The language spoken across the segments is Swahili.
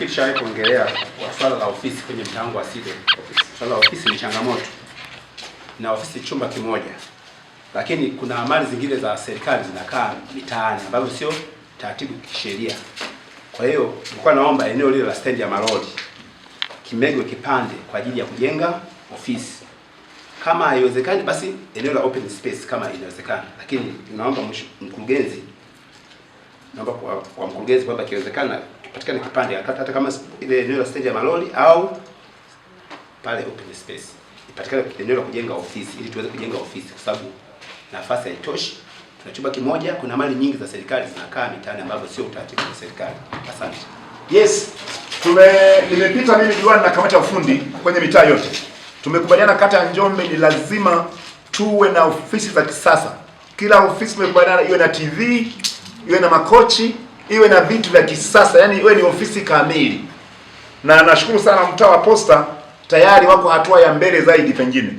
nafikiri shawahi kuongelea kwa swala la ofisi kwenye mtango wa ofisi. Swala la ofisi ni changamoto, na ofisi chumba kimoja, lakini kuna amali zingine za serikali zinakaa mitaani ambazo sio taratibu kisheria. Kwa hiyo nilikuwa naomba eneo lile la stendi ya malori kimegwe kipande kwa ajili ya kujenga ofisi. Kama haiwezekani, basi eneo la open space kama inawezekana, lakini naomba mkurugenzi, naomba kwa, kwa mkurugenzi kwamba kiwezekana patikane kipande hata kama ile eneo la stage ya maloli au pale open space, ipatikane eneo la kujenga ofisi ili tuweze kujenga ofisi, kwa sababu nafasi haitoshi. Tuna chumba kimoja, kuna mali nyingi za serikali zinakaa mitaani ambazo sio utaratibu wa serikali. Asante. Yes, tume nimepita mimi diwani na kamati ya ufundi kwenye mitaa yote, tumekubaliana kata ya Njombe ni lazima tuwe na ofisi za kisasa. Kila ofisi tumekubaliana iwe na TV, iwe na makochi iwe na vitu vya kisasa, yani iwe ni ofisi kamili. Na nashukuru sana mtaa wa Posta tayari wako hatua ya mbele zaidi pengine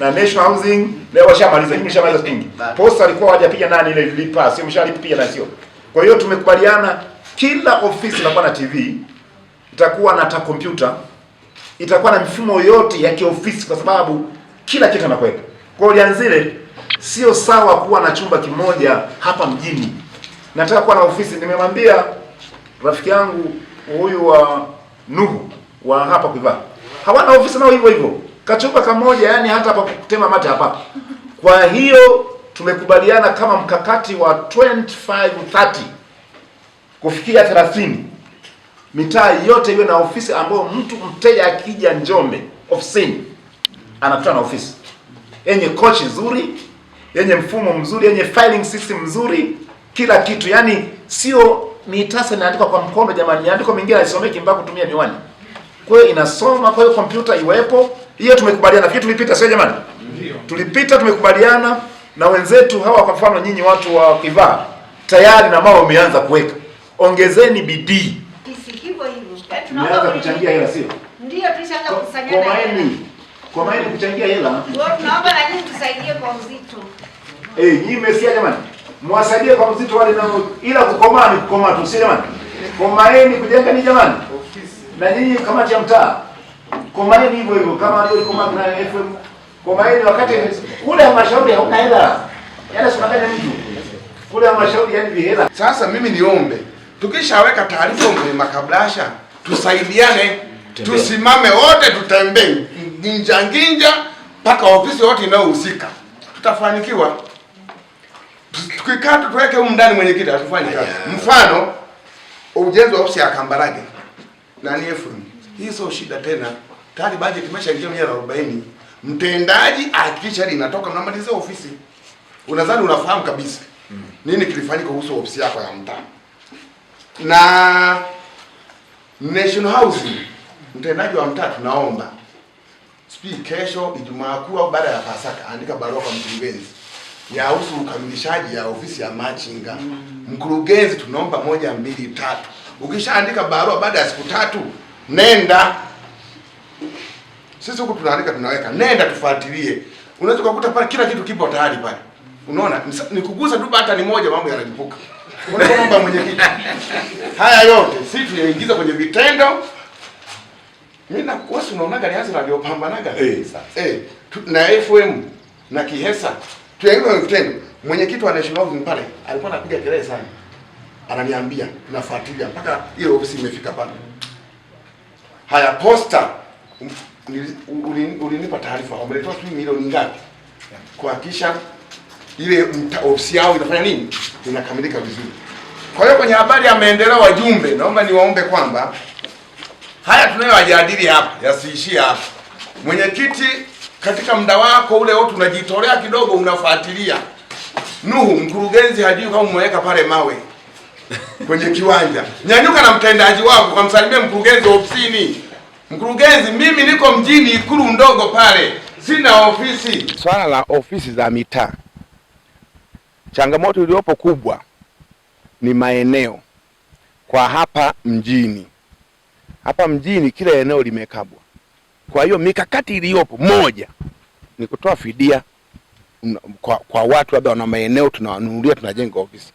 na National Housing leo washamaliza hivi mshamaliza pingi. Posta alikuwa hajapiga nani ile lipa, sio mshalipiga na sio. Kwa hiyo tumekubaliana kila ofisi itakuwa na TV, itakuwa na ta computer, itakuwa na mifumo yote ya kiofisi kwa sababu kila kitu anakwenda. Kwa hiyo Lianzile sio sawa kuwa na chumba kimoja hapa mjini nataka kuwa na ofisi. Nimemwambia rafiki yangu huyu wa Nuhu wa hapa kuiva hawana ofisi nao hivyo hivyo, kachumba kamoja, yani hata hapa kutema mate hapa. Kwa hiyo tumekubaliana kama mkakati wa 25 30 kufikia 30 mitaa yote iwe na ofisi ambayo mtu mteja akija Njombe ofisini anakutana na ofisi yenye kochi nzuri, yenye mfumo mzuri, yenye filing system nzuri kila kitu, yaani sio mitasa inaandikwa kwa mkono jamani, andiko mengine haisomeki mpaka kutumia miwani. Kwa hiyo inasoma, kwa hiyo kompyuta iwepo. Hiyo tumekubaliana, fikiri tulipita, sio jamani? Ndio. Tulipita, tumekubaliana na wenzetu hawa. Kwa mfano nyinyi watu wa Kivaa tayari na mao umeanza kuweka, ongezeni bidii. Kisikipo hivyo. Eh, yaani tunaanza kuchangia hela, sio? Ndio, tulishaanza kukusanyana hela. Kwa maana kuchangia hela. Tunaomba na nyinyi tusaidie kwa uzito. Eh, nyinyi mmesikia jamani? mwasaidie kwa mzito wale na ila kukomaa ni kukomaa tu, si jamani? Komaeni kujenga ni jamani, na nyinyi kamati ya mtaa komaeni hivyo hivyo, kama leo iko kama na FM komaeni, wakati kule mashauri hauna hela, yale yaani sunakaja mtu kule mashauri yani vihela. Sasa mimi niombe, tukishaweka taarifa kwenye makablasha, tusaidiane, tusimame wote, tutembee nginja nginja mpaka ofisi wote inayohusika, tutafanikiwa tukikaa tuweke huko ndani mwenyekiti atufanye kazi. Mfano ujenzi wa ofisi ya Kambarage na efu? Hii sio shida tena. Tayari budget imeshaingia milioni 40. Mtendaji hakikisha linatoka mnamalizia ofisi. Unadhani unafahamu kabisa nini kilifanyika kuhusu ofisi yako ya mtaa. Na National Housing mtendaji wa mtaa tunaomba. Spi kesho Ijumaa kuu au baada ya Pasaka andika barua kwa mkurugenzi yahusu ukamilishaji ya ofisi ya machinga Mkurugenzi, tunaomba moja mbili tatu. Ukishaandika barua, baada ya siku tatu nenda, sisi huku tunaandika tunaweka, nenda tufuatilie. Unaweza kukuta pale kila kitu kipo tayari pale, unaona nikugusa tu hata ni moja, mambo yanalipuka. Unaomba mwenyekiti, haya yote sisi tunaingiza kwenye vitendo mimi na kosi unaona gari hizo ndio pambanaga eh hey, eh, hey, na FM na Kihesa Tuyaino kitendo, mwenyekiti wa National Housing pale alikuwa anapiga kelele sana, ananiambia nafuatilia mpaka ile ofisi imefika pale. Haya, posta um, ulinipa taarifa wameletoa sijui milioni ngapi kuhakikisha ile ofisi yao inafanya nini, inakamilika vizuri. Kwa hiyo kwenye habari ya maendeleo, wajumbe, naomba niwaombe kwamba haya tunayoyajadili hapa yasiishie hapa. Mwenyekiti katika muda wako ule wote unajitolea kidogo, unafuatilia. Nuhu mkurugenzi hajui kama umeweka pale mawe kwenye kiwanja. Nyanyuka na mtendaji wako kamsalimia mkurugenzi ofisini. Mkurugenzi, mimi niko mjini Ikulu ndogo pale, sina ofisi. Swala la ofisi za mitaa, changamoto iliyopo kubwa ni maeneo. Kwa hapa mjini, hapa mjini kila eneo limekabwa kwa hiyo mikakati iliyopo, moja ni kutoa fidia kwa, kwa watu labda wana maeneo tunawanunulia, tunajenga ofisi.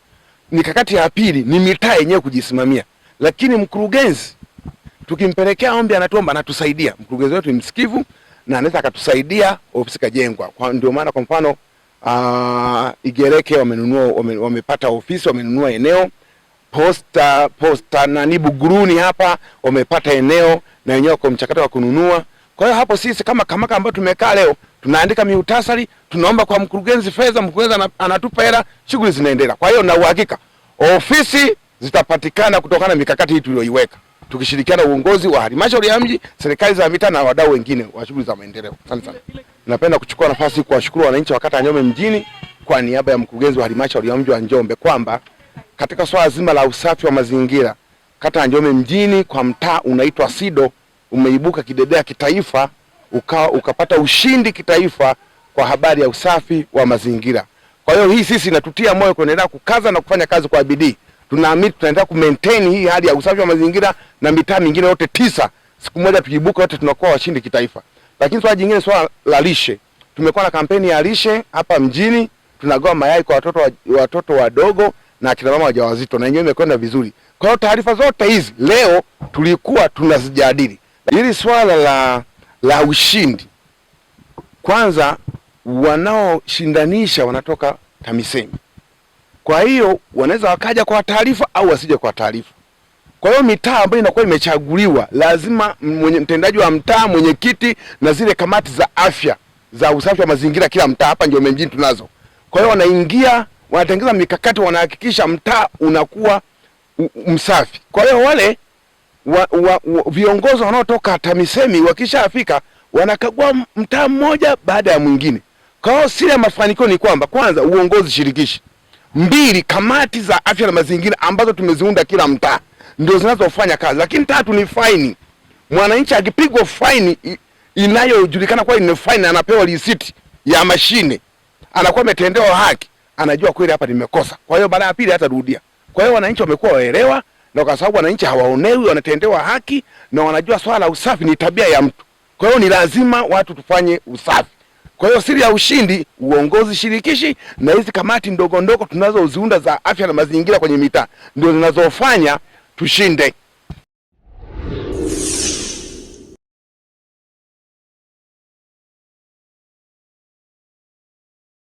Mikakati ya pili ni mitaa yenyewe kujisimamia, lakini mkurugenzi tukimpelekea ombi anatuomba, anatusaidia. Mkurugenzi wetu ni msikivu na anaweza akatusaidia ofisi kajengwa. Kwa ndio maana kwa mfano uh, Igereke wamenunua wame, wamepata ofisi wamenunua eneo posta posta nani Buguruni hapa wamepata eneo na wenyewe kwa mchakato wa kununua. Kwa hiyo hapo sisi kama kamaka ambao tumekaa leo tunaandika mihutasari, tunaomba kwa mkurugenzi fedha, mkurugenzi anatupa hela, shughuli zinaendelea. Kwa hiyo na uhakika ofisi zitapatikana kutokana na mikakati hii tuliyoiweka tukishirikiana uongozi wa halmashauri ya mji, serikali za mitaa na wadau wengine wa shughuli za maendeleo. Asante sana. Napenda kuchukua nafasi kuwashukuru wananchi wa kata ya Njombe mjini kwa niaba ya mkurugenzi wa halmashauri ya mji wa Njombe kwamba katika swala zima la usafi wa mazingira kata ya Njombe mjini kwa mtaa unaitwa Sido umeibuka kidedea kitaifa uka, ukapata ushindi kitaifa kwa habari ya usafi wa mazingira. Kwa hiyo hii sisi inatutia moyo kuendelea kukaza na kufanya kazi kwa bidii. Tunaamini tunaendelea kumaintain hii hali ya usafi wa mazingira na mitaa mingine yote tisa. Siku moja tukiibuka yote tunakuwa washindi kitaifa. Lakini swala jingine, swala la lishe, tumekuwa na kampeni ya lishe hapa mjini, tunagawa mayai kwa watoto watoto wadogo na akina mama wajawazito, na yenyewe imekwenda vizuri. Kwa hiyo taarifa zote hizi leo tulikuwa tunazijadili. Hili swala la, la ushindi kwanza, wanaoshindanisha wanatoka TAMISEMI, kwa hiyo wanaweza wakaja kwa taarifa au wasije kwa taarifa. Kwa hiyo mitaa ambayo inakuwa imechaguliwa lazima mwenye mtendaji wa mtaa, mwenyekiti na zile kamati za afya za usafi wa mazingira kila mtaa, hapa Njombe mjini tunazo. Kwa hiyo wanaingia, wanatengeza mikakati, wanahakikisha mtaa unakuwa msafi. Kwa hiyo wale wa, wa, wa, viongozi wanaotoka TAMISEMI wakishafika wanakagua mtaa mmoja baada ya mwingine. Kwa hiyo siri ya mafanikio ni kwamba kwanza, uongozi shirikishi; mbili, kamati za afya na mazingira ambazo tumeziunda kila mtaa ndio zinazofanya kazi. Lakini tatu ni faini. Mwananchi akipigwa faini inayojulikana kwa ni faini, anapewa risiti ya mashine, anakuwa ametendewa haki, anajua kweli hapa nimekosa. Kwa hiyo baada ya pili hatarudia. Kwa hiyo wananchi wamekuwa waelewa na kwa sababu wananchi hawaonewi, wanatendewa haki na wanajua swala la usafi ni tabia ya mtu. Kwa hiyo ni lazima watu tufanye usafi. Kwa hiyo siri ya ushindi, uongozi shirikishi na hizi kamati ndogo ndogo tunazoziunda za afya na mazingira kwenye mitaa ndio zinazofanya tushinde.